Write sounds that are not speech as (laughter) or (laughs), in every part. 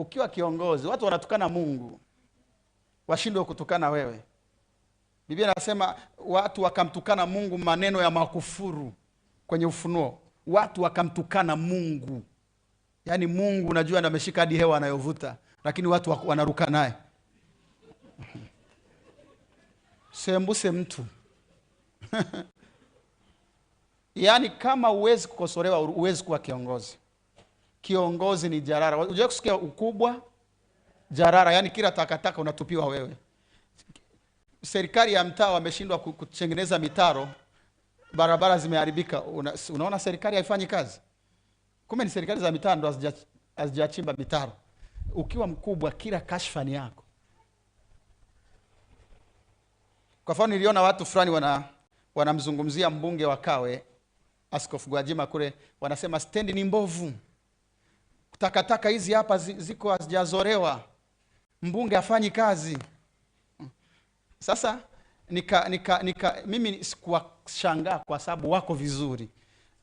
ukiwa kiongozi, watu wanatukana Mungu, washindwe kutukana wewe. Biblia inasema watu wakamtukana Mungu maneno ya makufuru kwenye Ufunuo, watu wakamtukana Mungu. Yaani Mungu unajua ndo ameshika hadi hewa anayovuta, lakini watu wanaruka naye. (laughs) Sembuse mtu (laughs) yaani kama huwezi kukosolewa, huwezi kuwa kiongozi kiongozi ni jarara. Unajua kusikia ukubwa jarara, yaani kila takataka unatupiwa wewe. Serikali ya mtaa wameshindwa kutengeneza mitaro, barabara zimeharibika. Una, unaona serikali haifanyi kazi, kumbe ni serikali za mitaa ndo hazijachimba mitaro. Ukiwa mkubwa, kila kashfa ni yako. Kwa mfano, niliona watu fulani wana wanamzungumzia mbunge wa Kawe Askofu Gwajima kule, wanasema stendi ni mbovu takataka hizi hapa ziko hazijazorewa, mbunge hafanyi kazi. Sasa nika, nika, nika, mimi sikuwashangaa kwa sababu wako vizuri,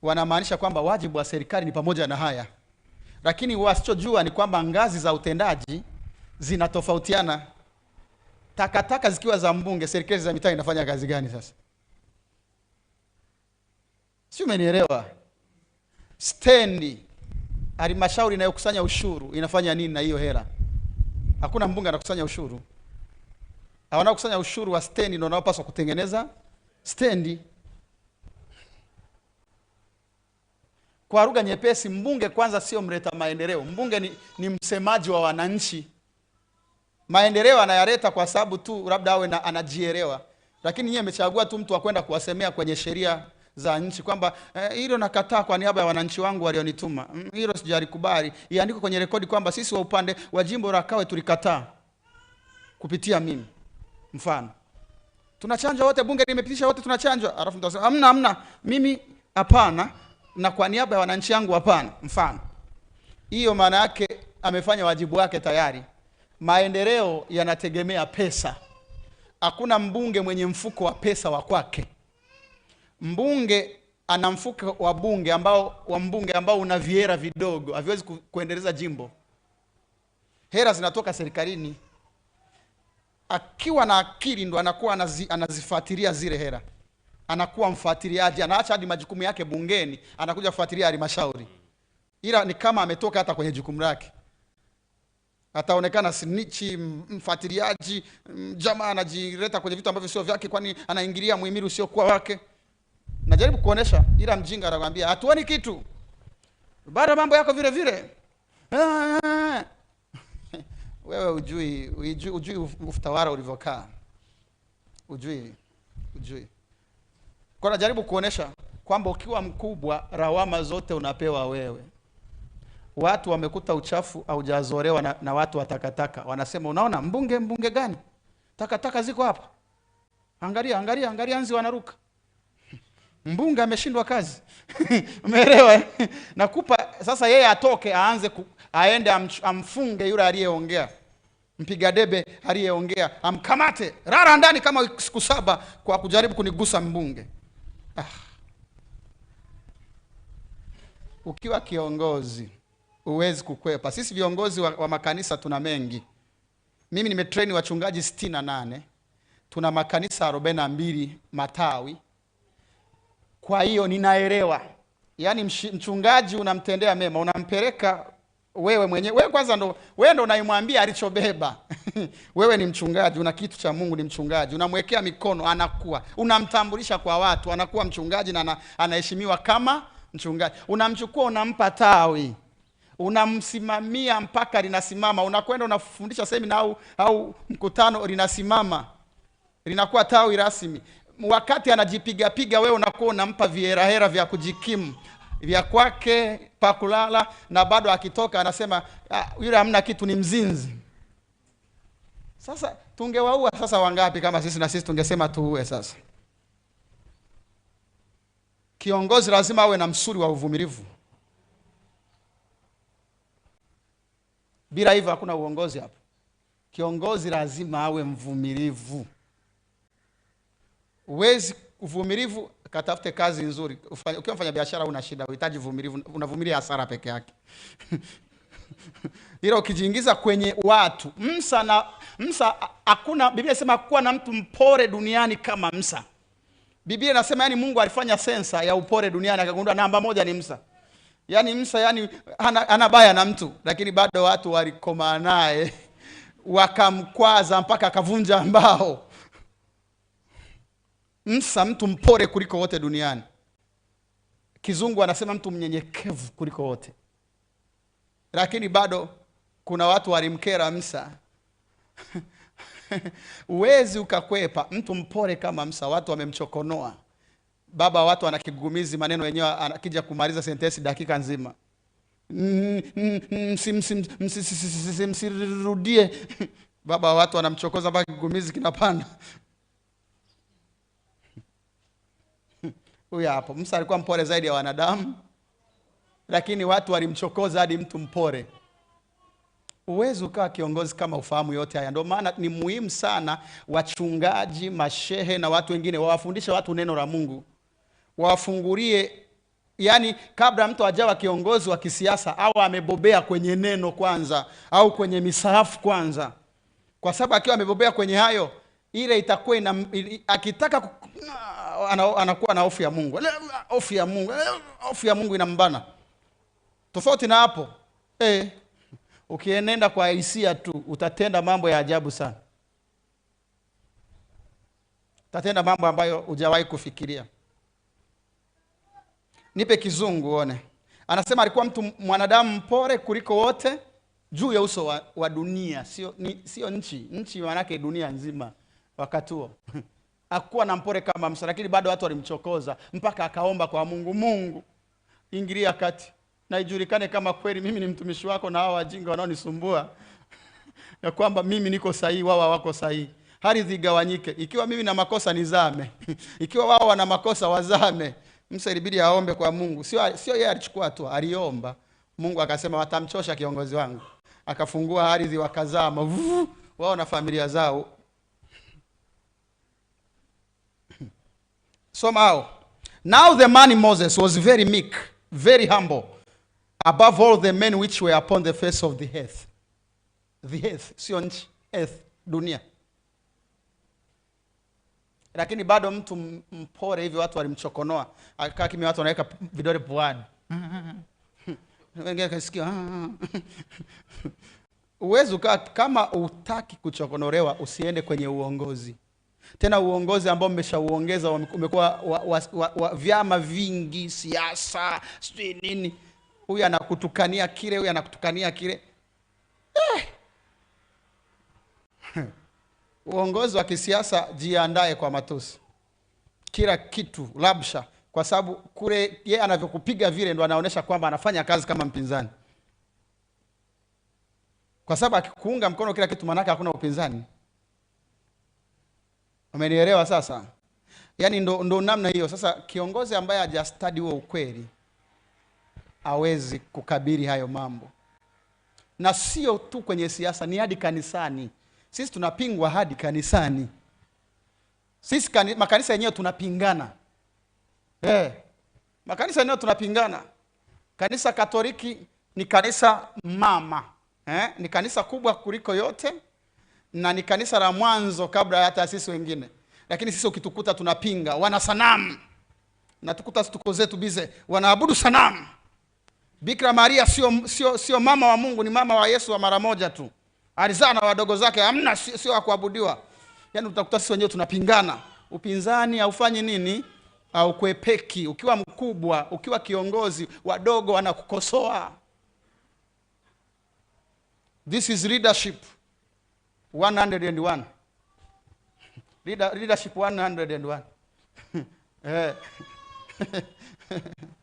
wanamaanisha kwamba wajibu wa serikali ni pamoja na haya, lakini wasichojua ni kwamba ngazi za utendaji zinatofautiana. Takataka zikiwa za mbunge, serikali za mitaa inafanya kazi gani? Sasa si umenielewa? stendi halmashauri inayokusanya ushuru inafanya nini na hiyo hela? Hakuna mbunge anakusanya ushuru. Wanaokusanya ushuru wa stendi ndio wanaopaswa kutengeneza stendi. Kwa lugha nyepesi, mbunge kwanza sio mleta maendeleo. Mbunge ni, ni msemaji wa wananchi. Maendeleo anayaleta kwa sababu tu labda awe na anajielewa, lakini yeye amechagua tu mtu wa kwenda kuwasemea kwenye sheria za nchi kwamba eh, hilo nakataa kwa niaba ya wananchi wangu walionituma, mm, hilo mm, sijalikubali. Iandikwe kwenye rekodi kwamba sisi wa upande wa jimbo la Kawe tulikataa kupitia mimi. Mfano, tunachanjwa wote, bunge limepitisha wote tunachanjwa, alafu mtu asema hamna, hamna, mimi hapana, na kwa niaba ya wananchi wangu hapana. Mfano, hiyo maana yake amefanya wajibu wake tayari. Maendeleo yanategemea pesa. Hakuna mbunge mwenye mfuko wa pesa wa kwake mbunge ana mfuko wa bunge ambao wa mbunge ambao una viera vidogo, haviwezi kuendeleza jimbo. Hera zinatoka serikalini. Akiwa na akili ndo anakuwa anazi, anazifuatilia zile hera, anakuwa mfuatiliaji, anaacha hadi majukumu yake bungeni, anakuja kufuatilia halmashauri, ila ni kama ametoka hata kwenye jukumu lake ataonekana snichi, mfuatiliaji, jamaa anajileta kwenye vitu ambavyo sio vyake, kwani anaingilia muhimili usiokuwa wake najaribu kuonesha, ila mjinga anakwambia hatuoni kitu, bado mambo yako vile vile. (laughs) Wewe ujui, ujui, ujui utawala ulivyokaa, ujui, ujui. Kwa najaribu kuonesha kwamba ukiwa mkubwa, rawama zote unapewa wewe. Watu wamekuta uchafu aujazorewa na, na watu watakataka wanasema unaona, mbunge mbunge gani? Takataka ziko hapa, angalia, angalia, angalia, nzi wanaruka Mbunge ameshindwa kazi (laughs) umeelewa? Eh? Nakupa sasa, yeye atoke aanze ku, aende am, amfunge yule aliyeongea, mpiga debe aliyeongea, amkamate rara ndani kama siku saba kwa kujaribu kunigusa mbunge. Ah, ukiwa kiongozi huwezi kukwepa. Sisi viongozi wa, wa makanisa tuna mengi. Mimi nimetrain wachungaji 68 tuna makanisa 42 matawi kwa hiyo ninaelewa, yaani mchungaji unamtendea mema, unampeleka wewe mwenye wewe kwanza ndo wewe ndo unaimwambia alichobeba (laughs) wewe ni mchungaji, una kitu cha Mungu, ni mchungaji, unamwekea mikono, anakuwa unamtambulisha kwa watu, anakuwa mchungaji na anaheshimiwa kama mchungaji. Unamchukua unampa tawi, unamsimamia mpaka linasimama. Unakwenda unafundisha semina au, au mkutano, linasimama linakuwa tawi rasmi wakati anajipigapiga, wewe unakuwa unampa viherahera vya kujikimu vya kwake pa kulala, na bado akitoka anasema ah, yule hamna kitu, ni mzinzi. Sasa tungewaua sasa wangapi? Kama sisi na sisi tungesema tuue. Sasa kiongozi lazima awe na msuri wa uvumilivu, bila hivyo hakuna uongozi hapo. Kiongozi lazima awe mvumilivu. Uwezi uvumilivu, katafute kazi nzuri. Ukiwa mfanya biashara una shida, unahitaji uvumilivu, unavumilia hasara peke yake (laughs) ila ukijiingiza kwenye watu Musa na Musa, hakuna Biblia inasema kuwa na mtu mpore duniani kama Musa. Biblia inasema yani, Mungu alifanya sensa ya upore duniani akagundua namba moja ni Musa. Yani Musa yani ana, ana baya na mtu, lakini bado watu walikoma naye wakamkwaza mpaka akavunja mbao. Msa mtu mpore kuliko wote duniani. Kizungu anasema mtu mnyenyekevu kuliko wote, lakini bado kuna watu walimkera Msa. (laughs) Uwezi ukakwepa mtu mpore kama Msa, watu wamemchokonoa baba, watu ana kigumizi maneno yenyewe, anakija kumaliza sentensi dakika nzima msirudie baba, watu wanamchokoza mpaka kinapanda. Huyu hapo. Musa alikuwa mpole zaidi ya wanadamu, lakini watu walimchokoza hadi mtu mpole Uwezi ukawa kiongozi kama ufahamu yote haya. Ndio maana ni muhimu sana wachungaji, mashehe na watu wengine wawafundishe watu neno la Mungu, wawafungulie yaani, kabla mtu ajawa kiongozi wa kisiasa au amebobea kwenye neno kwanza, au kwenye misahafu kwanza, kwa sababu akiwa amebobea kwenye hayo, ile itakuwa akitaka anakuwa na hofu ya Mungu, hofu ya Mungu, hofu ya Mungu inambana. Tofauti na hapo eh, ukienenda kwa hisia tu utatenda mambo ya ajabu sana, utatenda mambo ambayo hujawahi kufikiria. Nipe kizungu one Anasema alikuwa mtu mwanadamu mpore kuliko wote juu ya uso wa, wa dunia, sio nchi nchi, manake dunia nzima wakati huo (laughs) hakuwa na mpore kama Musa, lakini bado watu walimchokoza mpaka akaomba kwa Mungu, Mungu ingilia kati na ijulikane kama kweli mimi ni mtumishi wako na hawa wajinga wanaonisumbua (laughs) ya kwamba mimi niko sahihi, wao wako sahihi, Hali zigawanyike, Ikiwa mimi na makosa nizame, (laughs) ikiwa wao wana makosa wazame. Musa ilibidi aombe kwa Mungu, sio sio yeye alichukua tu, aliomba. Mungu akasema watamchosha kiongozi wangu, akafungua ardhi wakazama, (laughs) wao na familia zao somehow. Now the man Moses was very meek, very humble, above all the men which were upon the face of the earth. The earth, sio earth, dunia. Lakini bado mtu mpore hivi, watu walimchokonoa, akakaa kimya, watu wanaweka vidole puani wengine ah, ah, ah. kama utaki kuchokonorewa, usiende kwenye uongozi tena uongozi ambao mmeshauongeza umekuwa wa, wa, wa, wa, vyama vingi, siasa, sijui nini, huyu anakutukania kile, huyu anakutukania kile eh. (laughs) uongozi wa kisiasa, jiandae kwa matusi, kila kitu labsha, kwa sababu kule yeye anavyokupiga vile ndo anaonyesha kwamba anafanya kazi kama mpinzani, kwa sababu akikuunga mkono kila kitu, manake hakuna upinzani. Umenielewa sasa? Yaani ndo, ndo namna hiyo. Sasa kiongozi ambaye hajastadi huo ukweli hawezi kukabiri hayo mambo, na sio tu kwenye siasa, ni hadi kanisani. Sisi tunapingwa hadi kanisani, sisi kani, makanisa yenyewe tunapingana eh, makanisa yenyewe tunapingana. Kanisa Katoliki ni kanisa mama eh, ni kanisa kubwa kuliko yote na ni kanisa la mwanzo kabla hata sisi wengine, lakini sisi ukitukuta tunapinga, wana sanamu. Natukuta tuko zetu bize, wanaabudu sanamu. Bikira Maria sio, sio, sio mama wa Mungu, ni mama wa Yesu wa mara moja tu, alizaa na wadogo zake, hamna, sio sio kuabudiwa. Yani utakuta sisi wenyewe tunapingana. Upinzani haufanyi nini? Haukuepeki. Ukiwa mkubwa, ukiwa kiongozi, wadogo wanakukosoa. This is leadership. 101 leadership 101 (laughs) eh (laughs)